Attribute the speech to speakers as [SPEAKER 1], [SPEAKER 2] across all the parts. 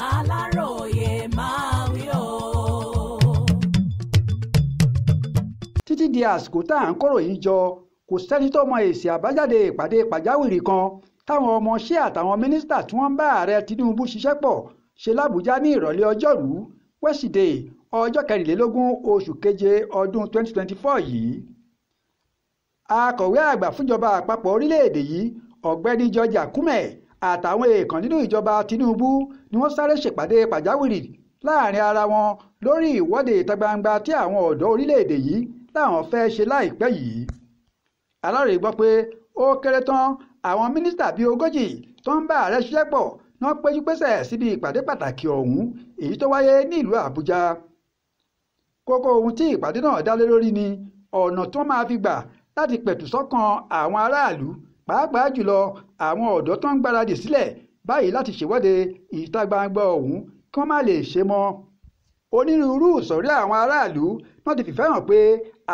[SPEAKER 1] aláròye máa wí o. títí di àsìkò tá à ń kọ̀rọ̀ yìí jọ kò sẹ́ni tó mọ èsì àbájáde ìpàdé pàjáwìrì kan táwọn ọmọọṣẹ́ àtàwọn mínísítà tí wọ́n ń bá ààrẹ Tinubu ṣiṣẹ́ pọ̀ ṣe lábújá ní ìrọ̀lẹ́ ọjọ́rú wẹ́sídẹ̀ẹ́ ọjọ́ kẹrìnlélógún oṣù keje ọdún 2024 yìí akọ̀wé àgbà fúnjọba àpapọ̀ orílẹ̀-èdè yìí ọ̀gbẹ́ni George Akume àtàwọn èèkàn nínú ìjọba Tinubu ni wọ́n sáré ṣèpàdé pàjáwìrì láàrin ara wọn lórí ìwọ́de ìta gbangba tí àwọn ọ̀dọ́ orílẹ̀-èdè yìí láwọn fẹ́ ṣe láìpẹ́ yìí aláròye gbọ́ pé ó kéré tán àwọn mínísítà bíi ogójì tó ń bá ààrẹ ṣiṣẹ́ pọ̀ náà péjú pésẹ̀ síbi ìpàdé pàtàkì ọ̀hún èyí tó wáyé ní ìlú Àbújá kókó ohun tí ìpàdé náà dá lé lórí ni ọ̀nà tó máa fi gbà láti pẹ̀tù sọ́kàn àwọn aráàlú pàápàá jùlọ àwọn ọ̀dọ́ tó ń gbáradì sílẹ̀ báyìí láti ṣèwọ́de ìta gbangba ọ̀hún kí wọ́n má lè ṣe mọ́ onírúurú ìsọ̀rí àwọn aráàlú náà ti fìfẹ́ hàn pé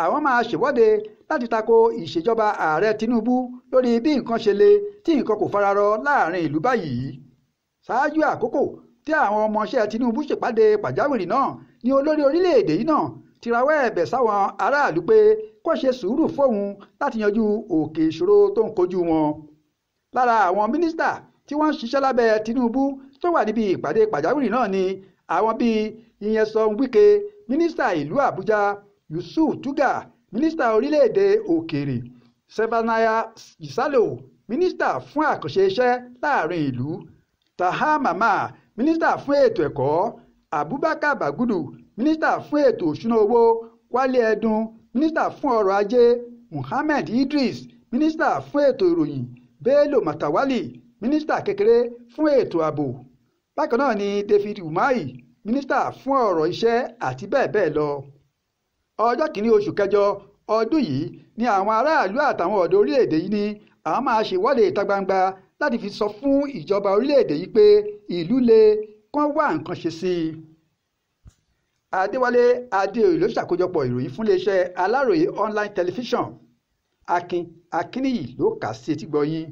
[SPEAKER 1] àwọn máa ṣèwọ́de láti tako ìṣèjọba ààrẹ Tinubu lórí bí nǹkan ṣe le tí nǹkan kò fararọ láàrin ìlú báyìí ṣáájú àkókò tí àwọn ọmọọṣẹ́ Tinubu ṣèpàdé pàjáwìrì náà ni olórí orílẹ̀-èdè yìí náà tirawọ́ ẹ̀bẹ̀ sáwọn aráàlú pé kó ṣe sùúrù fóun láti yanjú òkè ìṣòro tó ń kojú wọn. lára àwọn mínísítà tí wọ́n ń ṣiṣẹ́ lábẹ́ Tinubu tó wà níbi ìpàdé pàjáwìrì náà ni àwọn bíi Nyesom Wike mínísítà ìlú Àbújá Yusuf Tuga mínísítà orílẹ̀-èdè òkèèrè Sevanaya Isalo mínísítà fún àkànṣe iṣẹ́ láàrin ìlú Taha Mama mínísítà fún ètò ẹ̀kọ́ abubakar bagudu mínísítà fún ètò ìṣúná owó wálé ẹdun mínísítà fún ọrọ̀ ajé muhammed idris mínísítà fún ètò ìròyìn bello matawali mínísítà kékeré fún ètò ààbò bákan náà ni david umahi mínísítà fún ọ̀rọ̀ iṣẹ́ àti bẹ́ẹ̀ bẹ́ẹ̀ lọ ọjọ́ kìíní oṣù kẹjọ ọdún yìí ni àwọn aráàlú àtàwọn ọ̀dọ́ orílẹ̀-èdè yìí ní àwọn máa ṣèwọ́de ìta gbangba láti fi sọ fún ìjọba orílẹ̀-èdè yìí pé ìlú le kán wá nǹkan ṣe sí i. adéwálé adéoyè ló ṣàkójọpọ̀ ìròyìn fún iléeṣẹ́ aláròye online television akin akínníyì ló kà sí etí gbọ̀nyìn.